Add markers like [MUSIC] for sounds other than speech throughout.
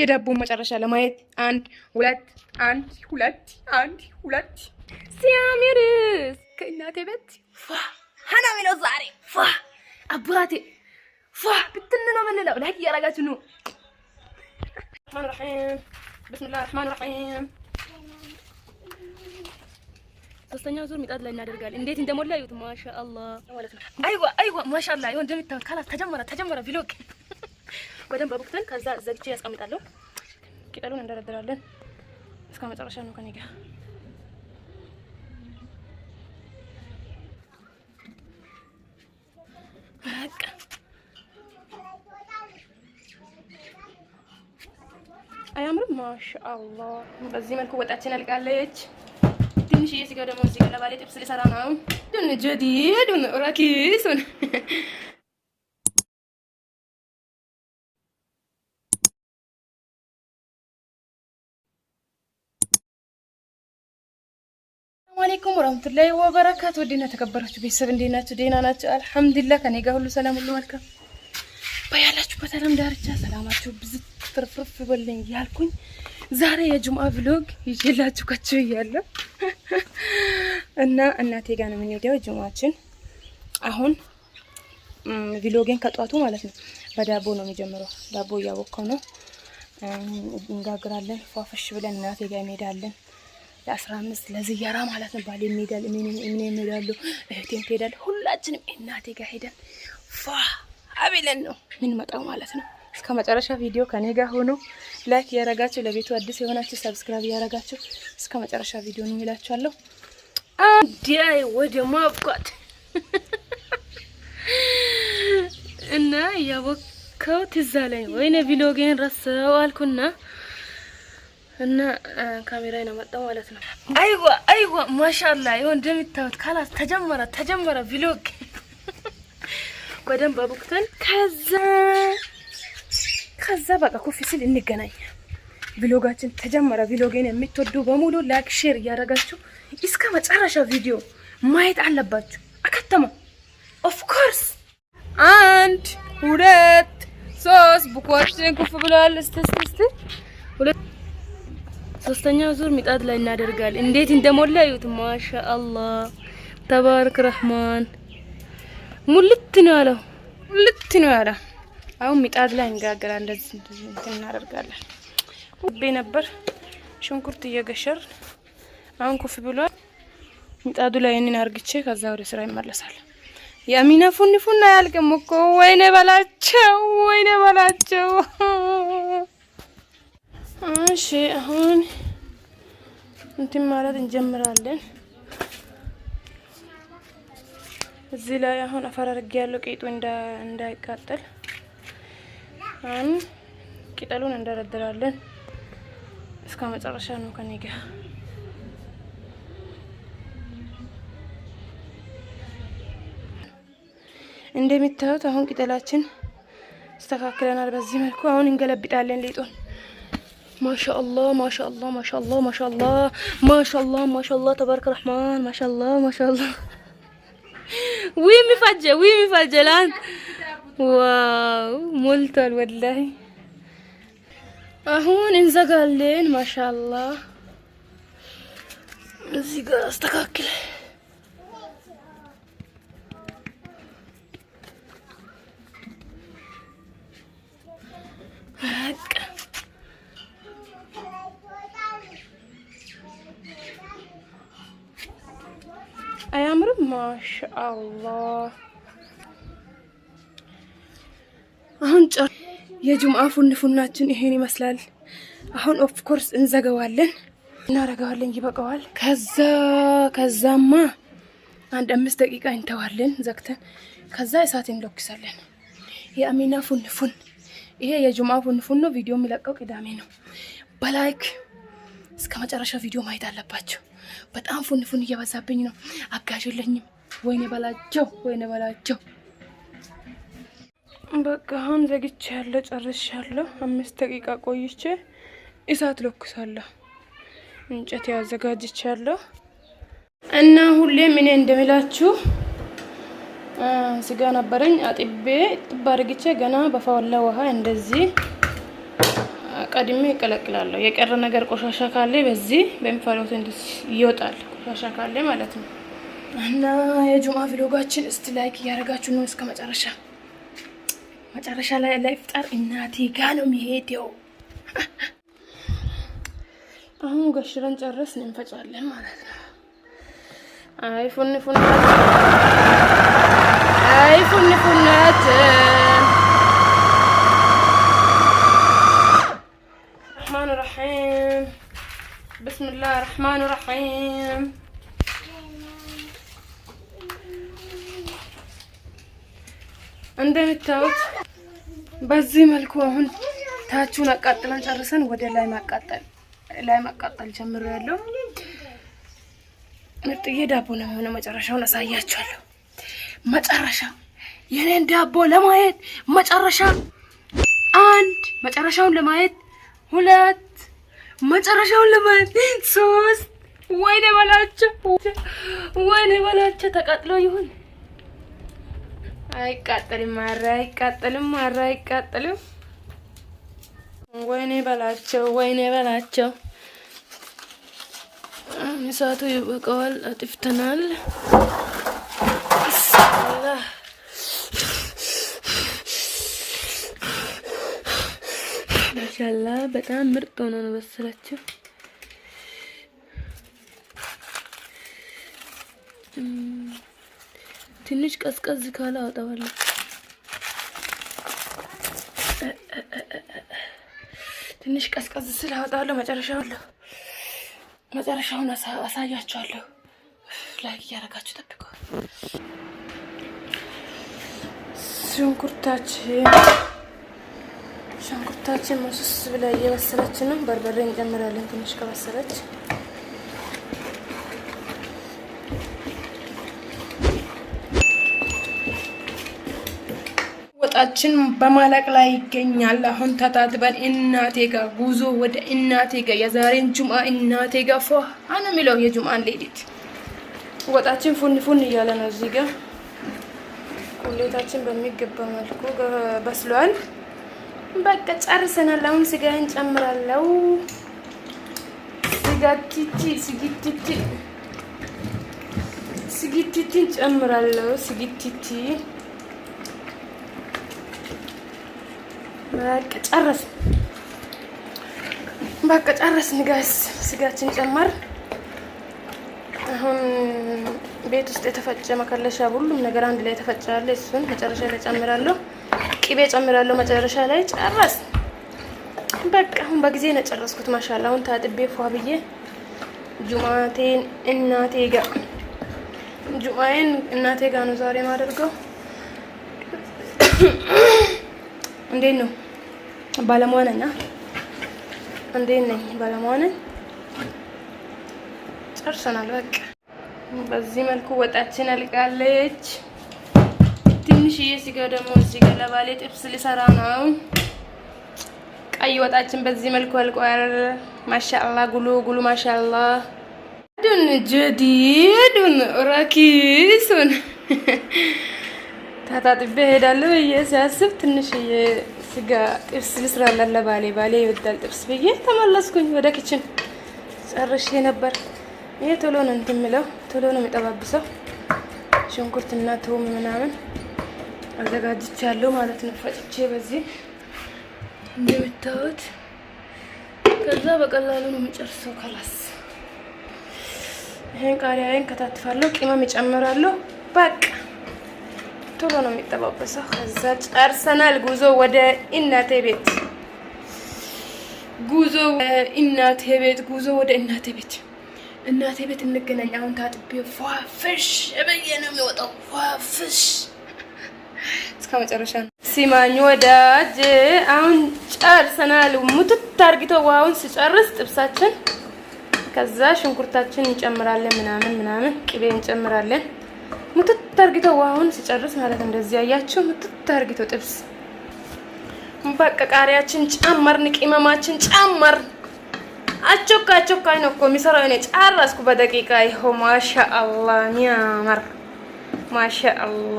የዳቦ መጨረሻ ለማየት አንድ ሁለት አንድ ሁለት አንድ ሁለት ሲያምርስ ከእናቴ ቤት ሀና ነው ዛሬ አባቴ ብትን ነው ምንለው ላይ እያረጋችሁ ነው። ብስሚላህ ሶስተኛው ዙር ሚጣድ ላይ እናደርጋለን። እንዴት እንደሞላ ይሁት ማሻአላህ አይዋ አይዋ ማሻአላህ ይሁን እንደምታውቁት ካላት ተጀመረ ተጀመረ ቪሎግ በደንብ አቡክተን ከዛ ዘግቼ ያስቀምጣለሁ። ቅጠሉን እንደረድራለን እስከ መጨረሻ ነው ከኔ ጋር አያምርም? ማሻአላህ በዚህ መልኩ ወጣችን አልቃለች። ትንሽዬ ስጋ ደግሞ እዚህ ለባሌ ጥብስ ልሰራ ነው። ዱን ጀዲድ ረኪስ ሰላም አለይኩም ወራህመቱላሂ ወበረካቱ። ወዲና ተከበራችሁ ቤተሰብ እንዴት ናችሁ? ደህና ናችሁ? አልሐምዱሊላህ ከኔ ጋር ሁሉ ሰላም ሁሉ መልካም። በያላችሁበት ዓለም ዳርቻ ሰላማችሁ ብዙ ትርፍርፍ ይበለኝ ያልኩኝ ዛሬ የጁምአ ቪሎግ ይዤላችሁ ከች እያለሁ እና እናቴ ጋር ነው የምንሄደው ጁምአችን። አሁን ቪሎጌን ከጧቱ ማለት ነው በዳቦ ነው የሚጀምረው። ዳቦ እያቦካው ነው እንጋግራለን። ፏፈሽ ብለን እናቴ ጋር እንሄዳለን። ለአስራ አምስት ለዝያራ ማለት ነው። ባል የሚሄዳል፣ እኔ የሚሄዳሉ፣ እህቴም ትሄዳል። ሁላችንም እናቴ ጋር ሄደን ፋ አብለን ነው መጣው ማለት ነው። እስከ መጨረሻ ቪዲዮ ከኔ ጋር ሆኖ ላይክ እያረጋችሁ ለቤቱ አዲስ የሆናችሁ ሰብስክራይብ እያረጋችሁ እስከ መጨረሻ ቪዲዮ ነው ይላችኋለሁ። አንዲያይ ወደ ማብቋት [LAUGHS] እና ያቦካው ትዝ አለኝ። ወይኔ ቪሎጌን ረሰው አልኩና እና ካሜራ ነው መጣው ማለት ነው። አይዋ አይዋ ማሻአላ ይሁን እንደምታዩት ካላስ ተጀመረ ተጀመረ ቪሎግ በደንብ አቡክተን ከዛ ከዛ በቃ ኮፊ ሲል እንገናኝ። ቪሎጋችን ተጀመረ። ቪሎጌን የምትወዱ በሙሉ ላይክ፣ ሼር እያደረጋችሁ እስከ መጨረሻ ቪዲዮ ማየት አለባችሁ። አከተማ ኦፍ ኮርስ አንድ ሁለት ሶስት ቡኮችን ኩፍ ብለዋል። እስቲ እስቲ ሁለት ሶስተኛው ዙር ሚጣድ ላይ እናደርጋል። እንዴት እንደሞላ እዩት። ማሻአላህ ተባረክ ረህማን። ሙልት ነው ያለው፣ ሙልት ነው ያለው። አሁን ሚጣድ ላይ እንጋገራ እንደዚህ እናደርጋለን። ውቤ ነበር ሽንኩርት እየገሸር አሁን ኩፍ ብሏል። ሚጣዱ ላይ እንን አርግቼ ከዛ ወደ ስራ ይመለሳል። የአሚና ፉንፉና ያልቅም እኮ ወይኔ በላቸው፣ ወይኔ በላቸው። እሺ አሁን እንትን ማለት እንጀምራለን። እዚህ ላይ አሁን አፈር አድርጌ ያለው ቂጡ እንዳይቃጠል አሁን ቅጠሉን እንደረድራለን። እስከ መጨረሻ ነው ከኔ ጋር እንደሚታዩት አሁን ቅጠላችን ይስተካክለናል በዚህ መልኩ አሁን እንገለብጣለን ሊጡን ما شاء الله ما شاء الله ما شاء الله ما شاء الله ما شاء الله ما شاء الله تبارك الرحمن ما شاء الله ما شاء الله وي مفجة وي مفجة الآن واو ملتل والله هون انزقى اللين ما شاء الله انزقى استكاكل አላህ አሁን ጨር የጁምአ ፉንፉናችን ይሄን ይመስላል። አሁን ኦፍ ኮርስ እንዘገዋለን፣ እናረገዋለን፣ ይበቀዋል። ከዛ ከዛማ አንድ አምስት ደቂቃ እንተዋለን ዘግተን፣ ከዛ እሳት እንለኩሳለን። የአሚና ፉንፉን ይሄ የጁማ ፉንፉን ነው። ቪዲዮ የሚለቀው ቅዳሜ ነው። በላይክ እስከ መጨረሻ ቪዲዮ ማየት አለባቸው። በጣም ፉንፉን እየበዛብኝ ነው። አጋዥለኝም። ወይኔ በላቸው፣ ወይኔ በላቸው። በቃ አሁን ዘግቼ ያለ ጨርሻለሁ። አምስት ደቂቃ ቆይቼ እሳት ለኩሳለሁ። እንጨት ያዘጋጅቼ ያዘጋጅቻለሁ እና ሁሌም እኔ እንደሚላችሁ ስጋ ነበረኝ አጥቤ ጥብ አድርግቼ ገና በፈላ ውሃ እንደዚህ ቀድሜ ይቀለቅላለሁ። የቀረ ነገር ቆሻሻ ካለ በዚህ በሚፈለው እንትን ይወጣል። ቆሻሻ ካለ ማለት ነው። እና የጁማ ቪሎጋችን እስቲ ላይክ እያደረጋችሁ ነው እስከ መጨረሻ። መጨረሻ ላይ ለኢፍጣር እናቴ ጋ ነው የሚሄደው። አሁን ገሽረን ጨረስን፣ እንፈጫለን ማለት ነው። አይ ፉን ፉናት፣ አይ ፉን ፉናት። ረሕማን ረሒም፣ ብስምላህ ረሕማን ረሒም እንደምታዩት በዚህ መልኩ አሁን ታቹን አቃጥለን ጨርሰን ወደ ላይ ማቃጠል ላይ ማቃጠል ጀምሮ ያለው ምርጥዬ ዳቦ ነው የሆነ መጨረሻውን አሳያችኋለሁ። መጨረሻ የኔን ዳቦ ለማየት መጨረሻ አንድ መጨረሻውን ለማየት ሁለት መጨረሻውን ለማየት ሶስት ወይኔ በላቸው፣ ወይኔ በላቸው። ተቃጥሎ ይሁን አይቃጠልም፣ ኧረ አይቃጠልም፣ ኧረ አይቃጠልም። ወይኔ በላቸው፣ ወይኔ በላቸው። እሳቱ ይበቃዋል። አጥፍተናል። ማሻላ በጣም ምርጥ ሆኖ ነው በሰላቸው። ትንሽ ቀዝቀዝ ካለ አወጣዋለሁ። ትንሽ ቀዝቀዝ ስል አወጣዋለሁ። መጨረሻዋለሁ መጨረሻውን አሳያችኋለሁ። ላይክ እያደረጋችሁ ጠብቀ ሽንኩርታችን ሽንኩርታችን መስስ ብላ እየበሰለች ነው። በርበሬ እንጨምራለን ትንሽ ከበሰለች ፊታችን በማለቅ ላይ ይገኛል። አሁን ተታትበን እናቴ ጋ ጉዞ ወደ እናቴ ጋ የዛሬን ጁምአ እናቴ ጋ ፎ አነ የሚለው የጁምአን ሌሊት ወጣችን ፉን ፉን እያለ ነው። እዚህ ጋ ቁሌታችን በሚገባ መልኩ በስሏል። በቃ ጨርሰናል። አሁን ስጋ እንጨምራለው። ስጋቲቲ ስጊቲቲ ስጊቲቲ እንጨምራለው። ስጊቲቲ በቃ ጨረስን፣ በቃ ጨረስ ጋይስ። ስጋችን ጨመር። አሁን ቤት ውስጥ የተፈጨ መከለሻ፣ ሁሉም ነገር አንድ ላይ የተፈጨ አለ። እሱን መጨረሻ ላይ ጨምራለሁ፣ ቅቤ ጨምራለሁ መጨረሻ ላይ። ጨረስ በቃ። አሁን በጊዜ ነው ጨረስኩት። ማሻላ አሁን ታጥቤ ፏ ብዬ ጁማቴን እናቴ ጋ ጁማዬን እናቴ ጋር ነው ዛሬ የማደርገው። [COUGHS] እንዴት ነው? ባለሙያ ነኝ። እንዴት ነኝ? ባለሙያ ነኝ። ጨርሰናል። በቃ በዚህ መልኩ ወጣችን አልቃለች። ትንሽዬ ስጋ ደግሞ እዚህ ጋር ለባሌ ጥብስ ሊሰራ ነው። ቀይ ወጣችን በዚህ መልኩ አልቋል። ማሻአላ ጉሉ ጉሉ ማሻአላ ዱን ጀዲዱን ረኪሱን ታጣጥቤ ሄዳለሁ ብዬ ሲያስብ ትንሽዬ ስጋ ጥብስ ልስራለን ባሌ ባሌ ይወዳል ጥብስ ብዬ ተመለስኩኝ ወደ ኪችን። ጨርሼ ነበር። ይሄ ቶሎ ነው እንትን የሚለው ቶሎ ነው የሚጠባብሰው። ሽንኩርትና ቶም ምናምን አዘጋጅቻለሁ ማለት ነው፣ ፈጭቼ በዚህ እንደምታዩት። ከዛ በቀላሉ ነው የሚጨርሰው። ከላስ ይሄን ቃሪያዬን ከታትፋለሁ፣ ቅመም ይጨምራለሁ። በቃ ቶሎ ነው የሚጠባበሰው። ከዛ ጨርሰናል። ጉዞ ወደ እናቴ ቤት፣ ጉዞ እናቴ ቤት፣ ጉዞ ወደ እናቴ ቤት። እናቴ ቤት እንገናኝ። አሁን ታጥቤ ፏፍሽ ብዬ ነው የሚወጣው። ፏፍሽ እስከ መጨረሻ ነው ሲማኝ ወዳጅ። አሁን ጨርሰናል። ሙትት አርግቶ ውሃውን ሲጨርስ ጥብሳችን፣ ከዛ ሽንኩርታችን እንጨምራለን፣ ምናምን ምናምን ቅቤ እንጨምራለን። ሙትት አርግተው ውሃውን ሲጨርስ ማለት እንደዚህ ያያችሁ፣ ምትት አርግተው ጥብስ። በቃ ቃሪያችን ጨመርን፣ ቅመማችን ጨመርን። አቾካ አቾካ ነው እኮ የሚሰራው። እኔ ጨረስኩ በደቂቃ ይኸው። ማሻአላ ሚያምር ማሻአላ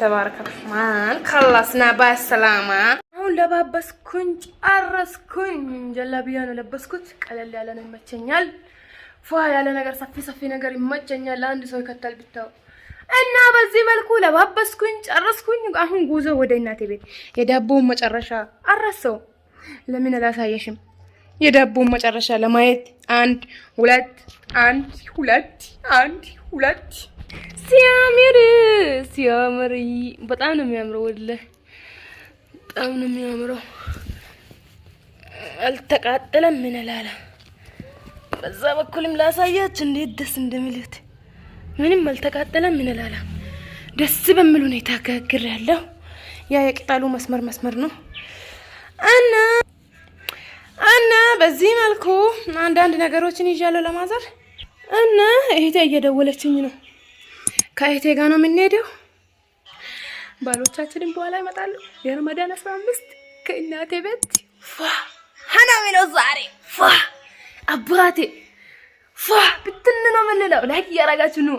ተባረከ ረህማን። ከላስና ባሰላማ አሁን ለባበስኩኝ፣ ጨረስኩኝ። ጀላቢያ ነው ለበስኩት። ቀለል ያለ ነው ይመቸኛል። ፏ ያለ ነገር፣ ሰፊ ሰፊ ነገር ይመቸኛል። ለአንድ ሰው ይከታል ብታው እና በዚህ መልኩ ለባበስኩኝ ጨረስኩኝ። አሁን ጉዞ ወደ እናቴ ቤት። የዳቦውን መጨረሻ አረሰው። ለምን አላሳየሽም? የዳቦውን መጨረሻ ለማየት አንድ ሁለት አንድ ሁለት አንድ ሁለት። ሲያምር ሲያምር፣ በጣም ነው የሚያምረው። ወለ በጣም ነው የሚያምረው። አልተቃጠለም ምን ላላ በዛ በኩልም ላሳያች እንዴት ደስ እንደሚልት ምንም አልተቃጠለም። ምን ላላ ደስ በሚል ሁኔታ ከግር ያለው ያ የቅጠሉ መስመር መስመር ነው እና እና በዚህ መልኩ አንዳንድ ነገሮችን ይዣለሁ ለማዘር እና እህቴ እየደወለችኝ ነው። ከእህቴ ጋር ነው የምንሄደው። ባሎቻችንም በኋላ ይመጣሉ። የረመዳን አስራ አምስት ከእናቴ ቤት ፏ ሀና ሚለው ዛሬ ፏ አባቴ ብትን ነው የምንለው ላይክ እያረጋችሁ ነው።